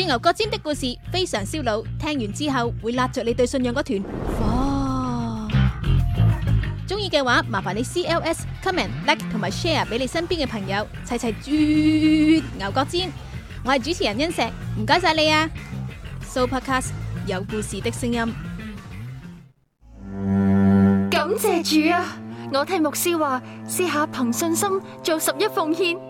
《鑽牛角尖的故事非常燒腦，聽完之後會拉著你對信仰嗰團火。中意嘅話，麻煩你 CLS comment like 同埋 share 俾你身邊嘅朋友，齊齊鑽牛角尖。我係主持人恩石，唔該晒你啊！Sooopodcast 有故事的聲音，感謝主啊！我聽牧師話，試下憑信心做十一奉獻。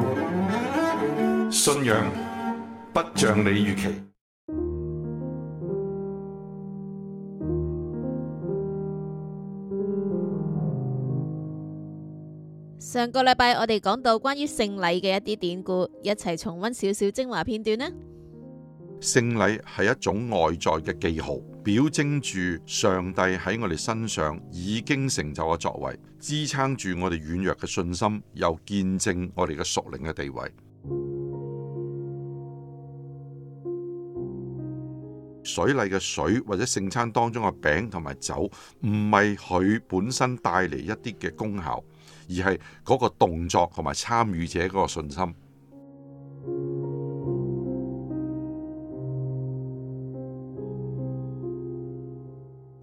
信仰不像你預期。上個禮拜我哋講到關於聖禮嘅一啲典故，一齊重溫少少精華片段呢。聖禮係一種外在嘅記號，表徵住上帝喺我哋身上已經成就嘅作為，支撐住我哋軟弱嘅信心，又見證我哋嘅屬靈嘅地位。水禮嘅水或者聖餐當中嘅餅同埋酒，唔係佢本身帶嚟一啲嘅功效，而係嗰個動作同埋參與者嗰個信心。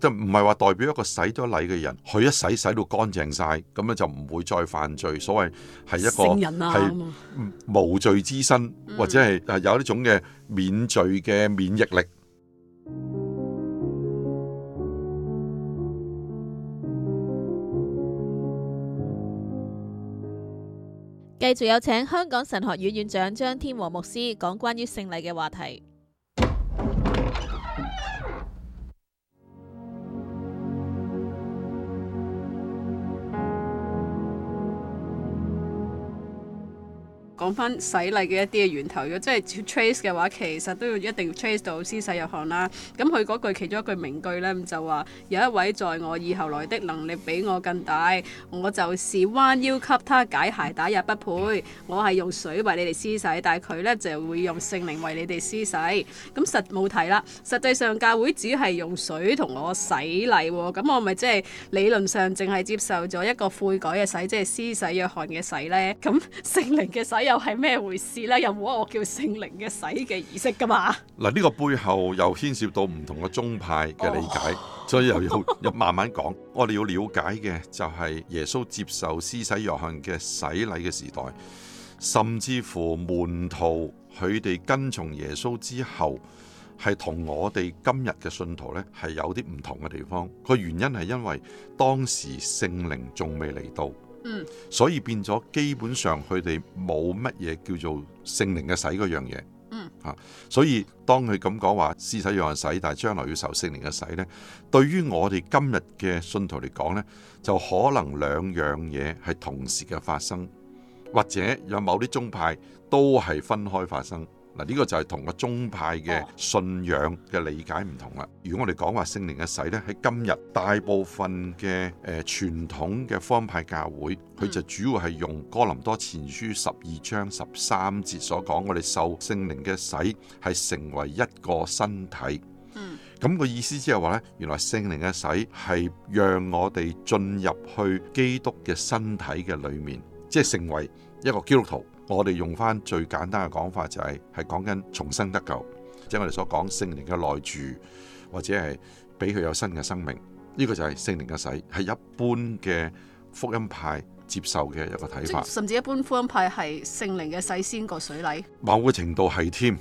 即唔係話代表一個洗咗禮嘅人，佢一洗洗到乾淨晒咁咧，樣就唔會再犯罪。所謂係一個係無罪之身，或者係有呢種嘅免罪嘅免疫力。繼續有請香港神學院院長張天和牧師講關於聖禮嘅話題。講翻洗禮嘅一啲嘅源頭，如果真係要 trace 嘅話，其實都要一定要 trace 到施洗約翰啦。咁佢嗰句其中一句名句呢，就話：有一位在我以後來的能力比我更大，我就是彎腰給他解鞋帶也不配。我係用水為你哋施洗，但係佢呢就會用聖靈為你哋施洗。咁實冇睇啦，實際上教會只係用水同我洗禮，咁我咪即係理論上淨係接受咗一個悔改嘅洗，即係施洗約翰嘅洗呢。咁聖靈嘅洗有。係咩回事呢？有冇一個叫聖靈嘅洗嘅儀式噶嘛？嗱，呢個背後又牽涉到唔同嘅宗派嘅理解，oh. 所以又要慢慢講。Oh. 我哋要了解嘅就係耶穌接受施洗約翰嘅洗禮嘅時代，甚至乎門徒佢哋跟從耶穌之後，係同我哋今日嘅信徒呢係有啲唔同嘅地方。個原因係因為當時聖靈仲未嚟到。嗯，所以變咗基本上佢哋冇乜嘢叫做聖靈嘅洗嗰樣嘢，嗯，吓、啊，所以當佢咁講話屍體有人洗，但係將來要受聖靈嘅洗呢，對於我哋今日嘅信徒嚟講呢，就可能兩樣嘢係同時嘅發生，或者有某啲宗派都係分開發生。嗱，呢個就係同個宗派嘅信仰嘅理解唔同啦。如果我哋講話聖靈嘅洗呢，喺今日大部分嘅誒傳統嘅方派教會，佢就主要係用哥林多前書十二章十三節所講，我哋受聖靈嘅洗係成為一個身體。嗯，咁個意思即係話呢，原來聖靈嘅洗係讓我哋進入去基督嘅身體嘅裏面，即係成為一個基督徒。我哋用翻最簡單嘅講法就係，係講緊重生得救，即係我哋所講聖靈嘅內住，或者係俾佢有新嘅生命，呢個就係聖靈嘅洗，係一般嘅福音派接受嘅一個睇法。甚至一般福音派係聖靈嘅洗先過水禮。某個程度係添。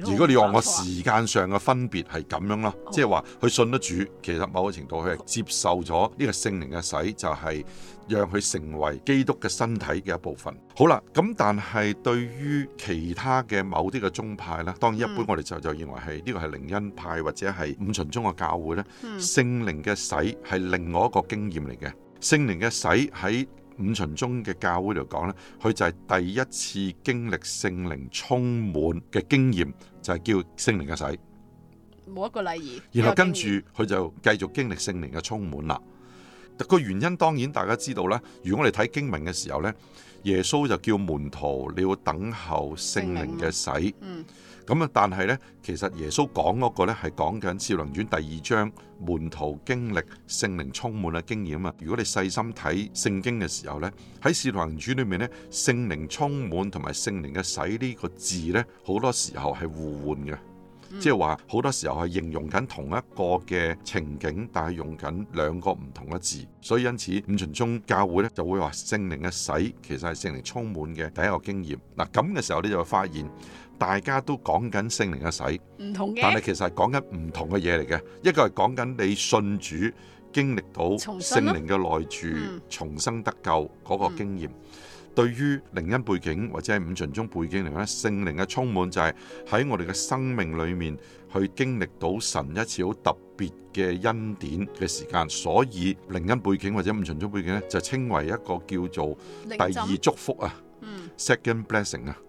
如果你話我時間上嘅分別係咁樣咯，即係話佢信得住，其實某個程度佢係接受咗呢個聖靈嘅洗，就係讓佢成為基督嘅身體嘅一部分。好啦，咁但係對於其他嘅某啲嘅宗派呢，當然一般我哋就就認為係呢個係靈恩派或者係五旬宗嘅教會咧，聖靈嘅洗係另外一個經驗嚟嘅，聖靈嘅洗喺。五旬宗嘅教會嚟講呢，佢就係第一次經歷聖靈充滿嘅經驗，就係叫聖靈嘅洗。冇一個禮儀。然後跟住佢就繼續經歷聖靈嘅充滿啦。個原因當然大家知道咧，如果我哋睇經文嘅時候呢。耶穌就叫門徒你要等候聖靈嘅洗，咁啊，嗯、但係呢，其實耶穌講嗰個咧係講緊《使徒行傳》第二章，門徒經歷聖靈充滿嘅經驗啊！如果你細心睇聖經嘅時候，在主裡面呢，喺《使徒行傳》裏面，聖靈充滿同埋聖靈嘅洗呢個字呢，好多時候係互換嘅。嗯、即係話好多時候係形容緊同一個嘅情景，但係用緊兩個唔同嘅字，所以因此五旬宗教會咧就會話聖靈嘅洗其實係聖靈充滿嘅第一個經驗。嗱，咁嘅時候你就會發現大家都講緊聖靈嘅洗，但係其實係講緊唔同嘅嘢嚟嘅，一個係講緊你信主經歷到聖靈嘅內住重生，啊嗯、重生得救嗰個經驗。對於靈恩背景或者係五旬宗背景嚟講咧，聖靈嘅充滿就係喺我哋嘅生命裏面去經歷到神一次好特別嘅恩典嘅時間，所以靈恩背景或者五旬宗背景咧就稱為一個叫做第二祝福啊，second blessing 啊、嗯。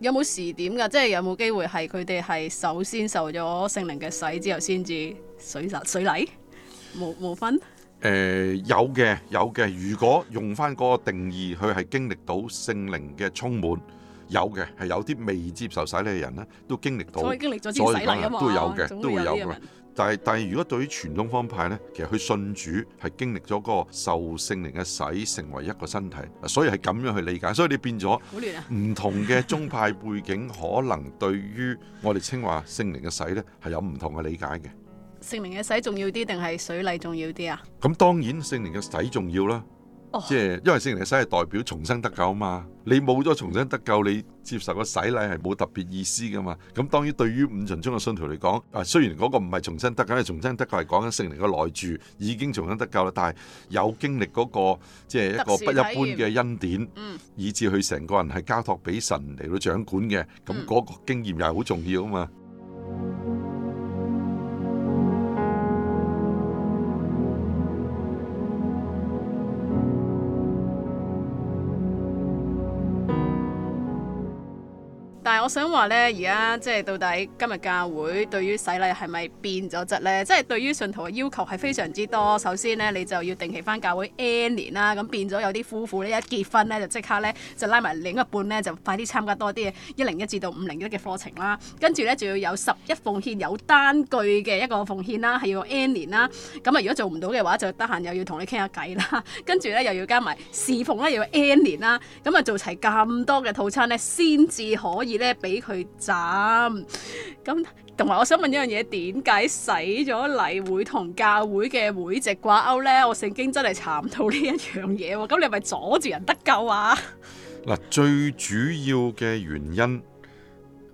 有冇時點㗎？即係有冇機會係佢哋係首先受咗聖靈嘅洗之後先至水撒水禮，冇冇分。誒、呃、有嘅有嘅，如果用翻嗰個定義，佢係經歷到聖靈嘅充滿，有嘅係有啲未接受洗禮嘅人呢都經歷到，歷所以經歷咗啲洗禮都有嘅，都會有嘅、哦。但係但係，如果對於傳統方派呢，其實佢信主係經歷咗嗰個受聖靈嘅洗，成為一個身體，所以係咁樣去理解。所以你變咗唔同嘅宗派背景，亂啊、 可能對於我哋稱話聖靈嘅洗呢，係有唔同嘅理解嘅。聖靈嘅洗重要啲定係水禮重要啲啊？咁當然聖靈嘅洗重要啦，即係因為聖靈嘅洗係代表重生得救啊嘛。你冇咗重生得救，你接受個洗禮係冇特別意思噶嘛。咁當然對於五旬宗嘅信徒嚟講，啊雖然嗰個唔係重生得救，重生得救係講緊聖靈嘅內住，已經重生得救啦，但係有經歷嗰個即係一個不一般嘅恩典，以至佢成個人係交託俾神嚟到掌管嘅，咁嗰個經驗又係好重要啊嘛。但係我想話咧，而家即係到底今日教會對於洗禮係咪變咗質咧？即係對於信徒嘅要求係非常之多。首先咧，你就要定期翻教會 N 年啦。咁變咗有啲夫婦咧一結婚咧就即刻咧就拉埋另一半咧就快啲參加多啲一零一至到五零一嘅課程啦。跟住咧仲要有十一奉獻，有單據嘅一個奉獻啦，係要 N 年啦。咁啊，如果做唔到嘅話，就得閒又要同你傾下偈啦。跟住咧又要加埋侍奉咧又要 N 年啦。咁啊做齊咁多嘅套餐咧，先至可以。咧俾佢浸，咁同埋我想問一樣嘢，點解洗咗禮會同教會嘅會籍掛鈎呢？我聖經真係查唔到呢一樣嘢，咁你咪阻住人得救啊？嗱，最主要嘅原因，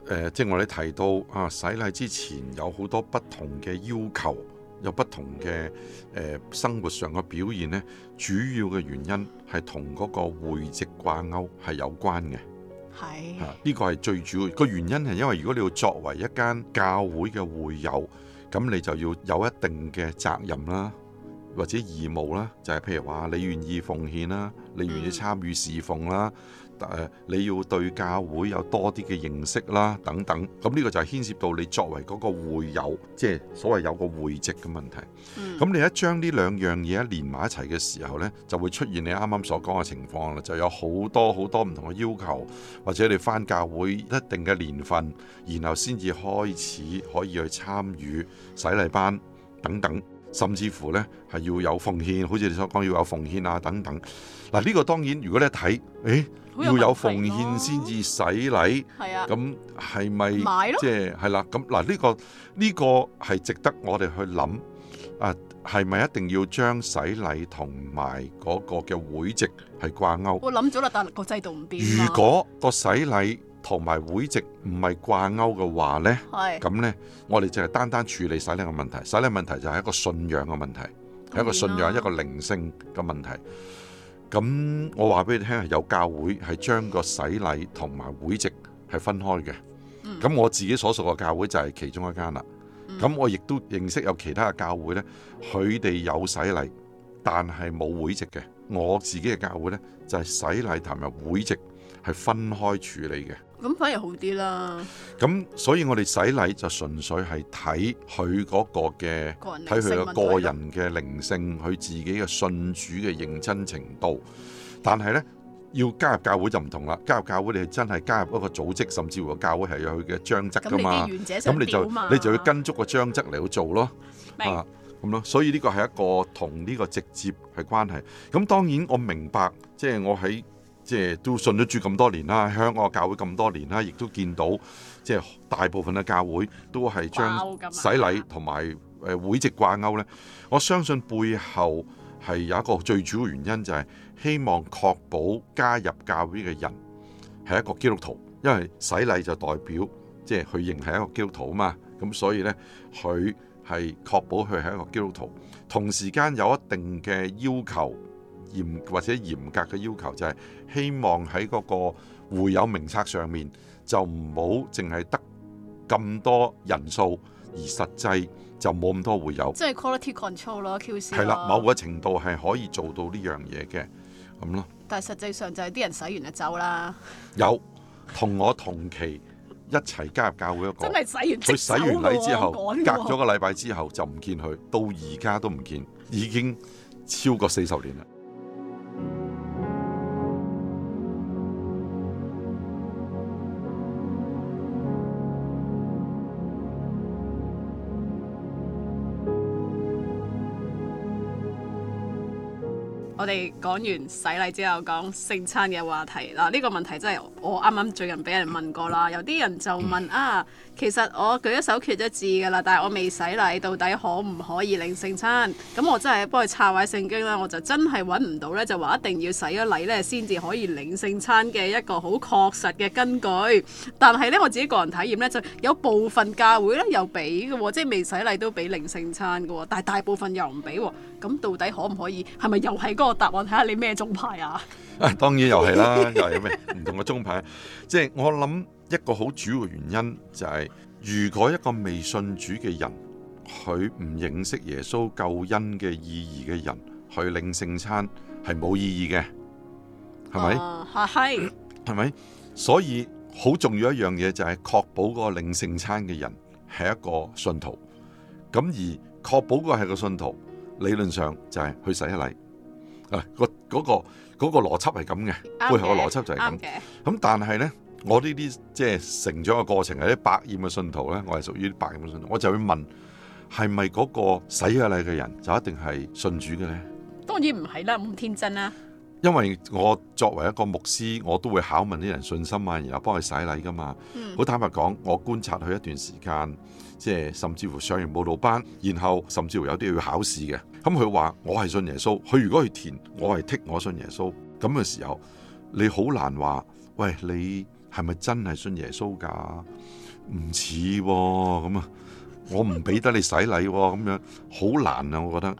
呃、即係我哋提到啊，洗禮之前有好多不同嘅要求，有不同嘅，呃、生活上嘅表現呢，主要嘅原因係同嗰個會籍掛鈎係有關嘅。係，呢個係最主要個原因，係因為如果你要作為一間教會嘅會友，咁你就要有一定嘅責任啦，或者義務啦，就係、是、譬如話你願意奉獻啦，你願意參與侍奉啦。嗯誒，你要對教會有多啲嘅認識啦，等等。咁呢個就係牽涉到你作為嗰個會友，即係所謂有個會籍嘅問題。咁你一將呢兩樣嘢一連埋一齊嘅時候呢，就會出現你啱啱所講嘅情況啦，就有好多好多唔同嘅要求，或者你翻教會一定嘅年份，然後先至開始可以去參與洗禮班等等，甚至乎呢，係要有奉獻，好似你所講要有奉獻啊等等。嗱，呢個當然如果你一睇，誒～有啊、要有奉獻先至洗禮，咁係咪即係係啦？咁嗱呢個呢、呢個係值得我哋去諗啊，係咪一定要將洗禮同埋嗰個嘅會籍係掛鈎？我諗咗啦，但個制度唔變。如果個洗禮同埋會籍唔係掛鈎嘅話咧，咁咧是我哋淨係單單處理洗禮嘅問題。洗禮問題就係一個信仰嘅問題，係、啊、一個信仰一個靈性嘅問題。咁我話俾你聽，有教會係將個洗禮同埋會籍係分開嘅，咁我自己所屬嘅教會就係其中一間啦。咁我亦都認識有其他嘅教會呢，佢哋有洗禮但係冇會籍嘅。我自己嘅教會呢，就係洗禮同埋會籍係分開處理嘅。咁反而好啲啦。咁所以我哋洗禮就純粹係睇佢嗰個嘅，睇佢嘅個人嘅靈性，性，佢自己嘅信主嘅認真程度。但係呢，要加入教會就唔同啦。加入教會你係真係加入一個組織，甚至乎教會係有佢嘅章則噶嘛。咁你，你就你就要跟足個章則嚟去做咯。是啊，咁咯。所以呢個係一個同呢個直接嘅關係。咁當然我明白，即係我喺。即係都信咗主咁多年啦，香港教會咁多年啦，亦都見到即係大部分嘅教會都係將洗禮同埋誒會籍掛鈎咧。我相信背後係有一個最主要原因，就係希望確保加入教會嘅人係一個基督徒，因為洗禮就代表即係佢認係一個基督徒嘛。咁所以呢，佢係確保佢係一個基督徒，同時間有一定嘅要求。嚴或者嚴格嘅要求，就係希望喺嗰個會友名冊上面就唔好淨係得咁多人數，而實際就冇咁多會友，啊。即係 quality control 咯，QC 係啦，某個程度係可以做到呢樣嘢嘅咁咯。但係實際上就係啲人洗完就走啦。有同我同期一齊加入教會一個，真係洗完佢洗完禮之後，隔咗個禮拜之後就唔見佢，到而家都唔見，已經超過四十年啦。我哋講完洗禮之後，講聖餐嘅話題嗱，呢個問題真係～我啱啱最近俾人問過啦，有啲人就問啊，其實我舉咗手決咗志噶啦，但係我未洗禮，到底可唔可以領聖餐？咁我真係幫佢查下聖經啦，我就真係揾唔到呢，就話一定要洗咗禮呢先至可以領聖餐嘅一個好確實嘅根據。但係呢，我自己個人體驗呢，就有部分教會呢又俾嘅喎，即係未洗禮都俾領聖餐嘅喎，但係大部分又唔俾喎。咁到底可唔可以？係咪又係嗰個答案？睇下你咩宗派啊？啊，當然又係啦， 又係咩唔同嘅宗派。即係 我諗一個好主要嘅原因就係，如果一個未信主嘅人，佢唔認識耶穌救恩嘅意義嘅人，去領聖餐係冇意義嘅，係咪？係咪？所以好重要一樣嘢就係確保個領聖餐嘅人係一個信徒。咁而確保個係個信徒，理論上就係去洗一禮啊，嗰、那個。嗰個邏輯係咁嘅，okay, 背後嘅邏輯就係咁。咁 okay 但係咧，我呢啲即係成長嘅過程係啲百厭嘅信徒咧，我係屬於百厭嘅信徒，我就會問係咪嗰個洗下嚟嘅人就一定係信主嘅咧？當然唔係啦，咁天真啦、啊。因為我作為一個牧師，我都會考問啲人信心啊，然後幫佢洗禮噶嘛。好、嗯、坦白講，我觀察佢一段時間，即係甚至乎上完布道班，然後甚至乎有啲要考試嘅。咁佢話：我係信耶穌。佢如果去填我係剔我信耶穌。咁嘅時候，你好難話，喂你係咪真係信耶穌㗎？唔似喎，咁啊，我唔俾得你洗禮喎、哦，咁樣好難啊，我覺得。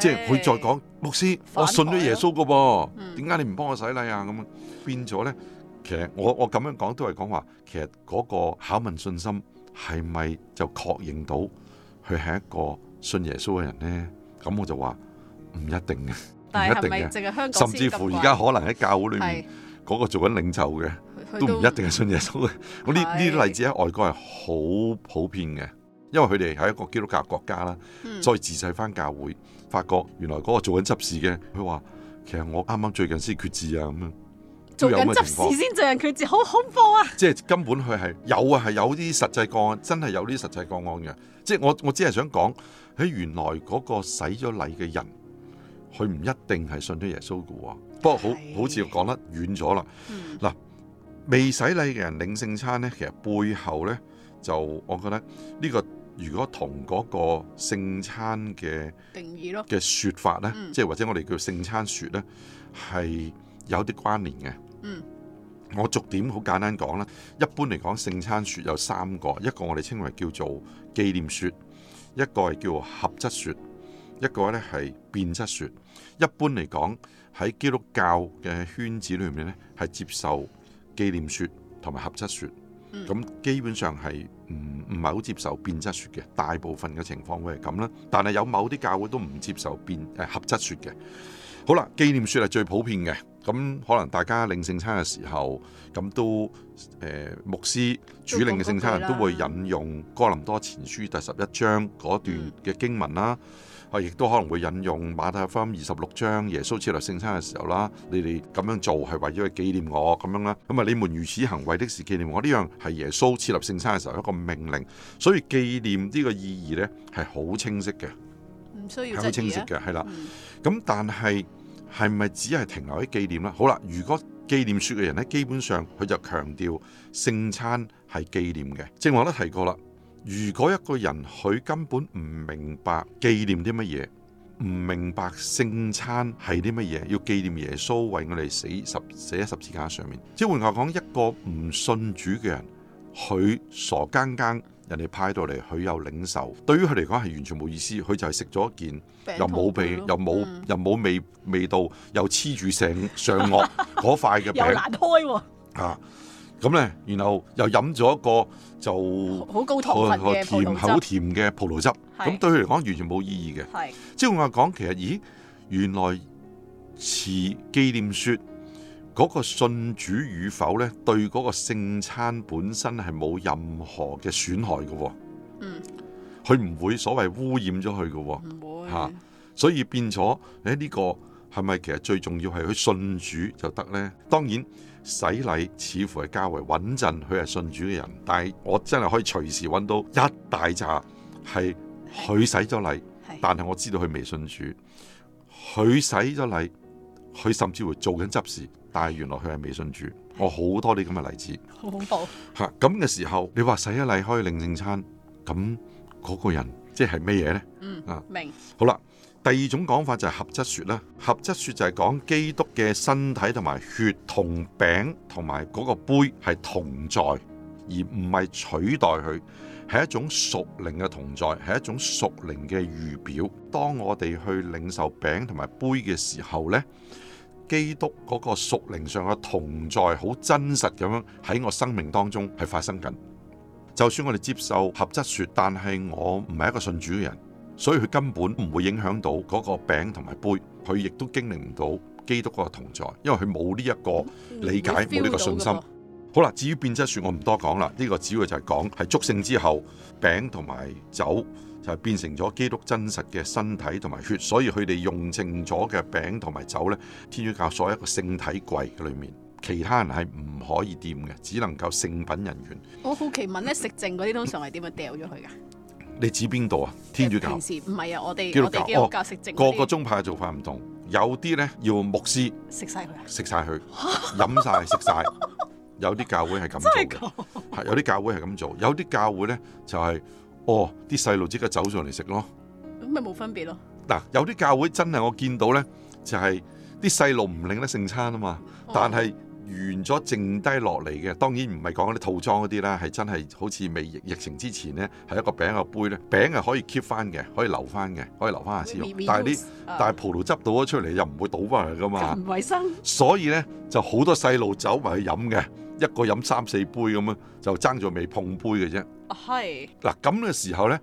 即係佢再講牧是師，台我信咗耶穌嘅噃，點解、嗯、你唔幫我洗禮啊？咁變咗咧，其實我我咁樣講都係講話，其實嗰個考問信心係咪就確認到佢係一個信耶穌嘅人咧？咁我就話唔一定嘅，唔一定嘅，淨係香港，甚至乎而家可能喺教會裏面嗰是個做緊領袖嘅都唔一定係信耶穌嘅。呢呢啲例子喺外國係好普遍嘅，因為佢哋係一個基督教國家啦，再、嗯、自細翻教會。發覺原來嗰個做緊執事嘅，佢話其實我啱啱最近先決志啊，咁樣做緊執事先做人決志，好恐怖啊！即係根本佢係有啊，係有啲實際個案，真係有啲實際個案嘅。即係我我只係想講喺原來嗰個洗咗禮嘅人，佢唔一定係信咗耶穌嘅。不過好好似講得遠咗啦。嗱，未洗禮嘅人領聖餐咧，其實背後咧就我覺得呢個。如果同嗰個聖餐嘅定義咯嘅説法呢，即係或者我哋叫聖餐説呢，係有啲關聯嘅。嗯，我逐點好簡單講啦。一般嚟講，聖餐説有三個，一個我哋稱為叫做紀念説，一個係叫做合質説，一個呢係變質説。一般嚟講，喺基督教嘅圈子裏面呢，係接受紀念説同埋合質説。咁基本上係唔唔係好接受變質説嘅，大部分嘅情況會係咁啦。但係有某啲教會都唔接受變誒合質説嘅。好啦，紀念説係最普遍嘅。咁可能大家領聖餐嘅時候，咁都誒牧師主領嘅聖餐人都會引用哥林多前書第十一章嗰段嘅經文啦，啊，亦都可能會引用馬太福音二十六章耶穌設立聖餐嘅時候啦，你哋咁樣做係為咗去紀念我咁樣啦，咁啊，你們如此行，為的是紀念我呢樣係耶穌設立聖餐嘅時候一個命令，所以紀念呢個意義呢係好清晰嘅，唔需要好清晰嘅，係啦，咁但係。係咪只係停留喺紀念啦？好啦，如果紀念説嘅人呢，基本上佢就強調聖餐係紀念嘅。正如我都提過啦，如果一個人佢根本唔明白紀念啲乜嘢，唔明白聖餐係啲乜嘢，要紀念耶穌為我哋死，死喺十字架上面。即係換句話講，一個唔信主嘅人，佢傻更更。人哋派到嚟，佢又領受，對於佢嚟講係完全冇意思。佢就係食咗一件桃又冇味，嗯、又冇又冇味味道，又黐住成上顎嗰塊嘅餅。 又難開喎！啊，咁咧、啊，然後又飲咗一個就好高糖甜口甜嘅葡萄汁。咁對佢嚟講完全冇意義嘅。係是，即係我講其實，咦，原來是紀念雪。嗰個信主與否咧，對嗰個聖餐本身係冇任何嘅損害嘅、哦。嗯，佢唔會所謂污染咗佢嘅。唔會、吓、所以變咗誒呢個係咪其實最重要係佢信主就得呢？當然洗禮似乎係較為穩陣，佢係信主嘅人。但係我真係可以隨時揾到一大紮係佢洗咗禮，但係我知道佢未信主。佢洗咗禮，佢甚至乎做緊執事。但係原來佢係未信主、嗯，我好多啲咁嘅例子，好恐怖。嚇咁嘅時候，你話洗一禮可以領聖餐，咁嗰個人即係咩嘢呢？嗯，明。好啦，第二種講法就係合質説啦。合質説就係講基督嘅身體同埋血同餅同埋嗰個杯係同在，而唔係取代佢，係一種屬靈嘅同在，係一種屬靈嘅預表。當我哋去領受餅同埋杯嘅時候呢，基督嗰個屬靈上嘅同在，好真實咁樣喺我生命當中係發生緊。就算我哋接受合質説，但係我唔係一個信主嘅人，所以佢根本唔會影響到嗰個餅同埋杯，佢亦都經歷唔到基督嗰個同在，因為佢冇呢一個理解，冇呢個信心。好啦，至於變質説，我唔多講啦。呢個主要就係講係祝聖之後餅同埋酒，就係變成咗基督真實嘅身體同埋血，所以佢哋用淨咗嘅餅同埋酒咧，天主教鎖喺一個聖體櫃裏面，其他人係唔可以掂嘅，只能夠聖品人員。我好奇問咧，食剩嗰啲通常係點樣掉咗佢㗎？你指邊度啊？天主教？唔係啊，我哋基督教食剩。哦、個個宗派嘅做法唔同，有呢，有啲咧要牧師食晒佢，食晒佢，飲晒食晒。有啲教會係咁做，做，做，有啲教會係咁做，有啲教會咧就係、係。哦，啲細路即刻走上嚟食咯，咁咪冇分別咯。嗱、啊，有啲教會真係我見到咧，就係啲細路唔領得聖餐啊嘛。嗯、但係完咗剩低落嚟嘅，當然唔係講嗰啲套裝嗰啲啦，係真係好似未疫疫情之前咧，係一個餅一個杯咧，餅係可以 keep 翻嘅，可以留翻嘅，可以留翻下次用。但係啲、啊、但係葡萄汁倒咗出嚟又唔會倒翻嚟噶嘛。唔衞生。所以咧就好多細路走埋去飲嘅。一個飲三四杯咁樣，就爭咗未碰杯嘅啫。係。嗱，咁嘅時候咧，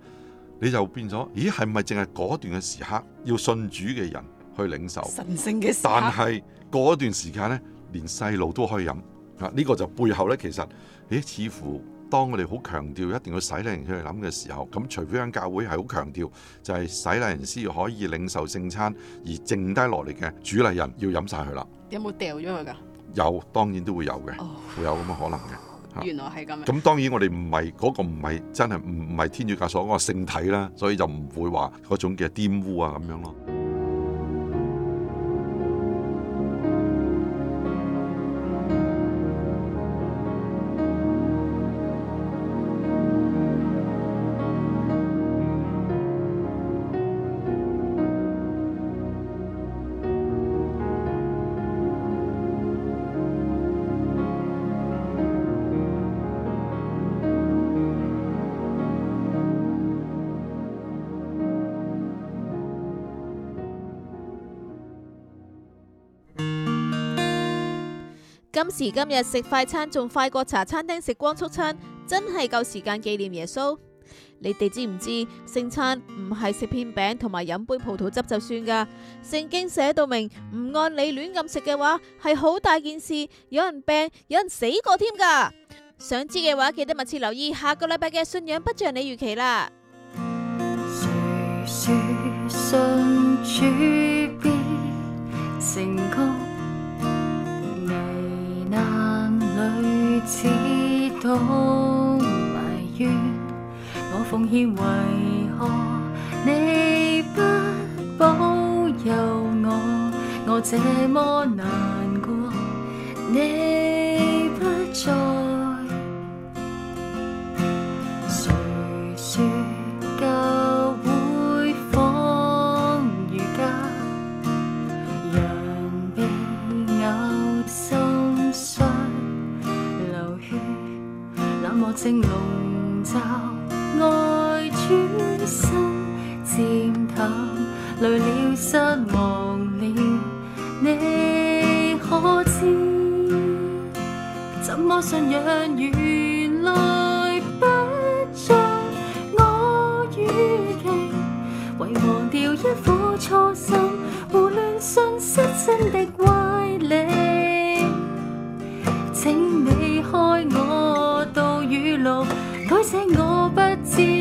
你就變咗，咦？係咪淨係嗰段嘅時刻要信主嘅人去領受？神聖嘅神。但係嗰一段時間咧，連細路都可以飲啊！呢個就背後咧，其實，咦？似乎當我哋好強調一定要洗禮人去諗嘅時候，咁除非間教會係好強調，就係洗禮人先可以領受聖餐，而剩低落嚟嘅主禮人要飲晒佢啦。有冇掉咗佢㗎？有當然都會有嘅，哦、會有咁嘅可能嘅。原來係咁樣。咁當然我哋唔係嗰個，唔係真係唔唔係天主教所嗰個聖體啦，所以就唔會話嗰種嘅玷污啊咁樣咯。今時今日食快餐仲快過茶餐廳，食光速餐，真係夠時間紀念耶穌。你哋知唔知聖餐唔係食片餅同埋飲杯葡萄汁就算噶？聖經寫到明，唔按理亂咁食嘅話係好大件事，有人病，有人死過添噶。想知嘅話，記得密切留意下個禮拜嘅信仰不像你預期啦。眼裏似都埋怨，我奉獻為何你不保佑我？我這麼難。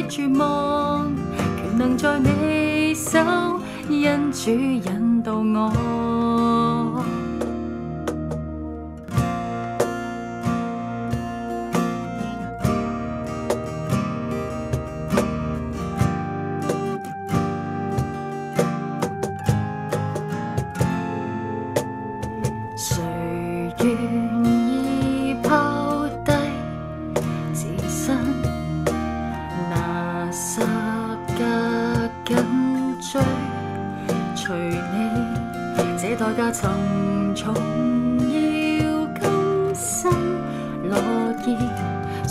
絕望，權能在你手，因主引導我。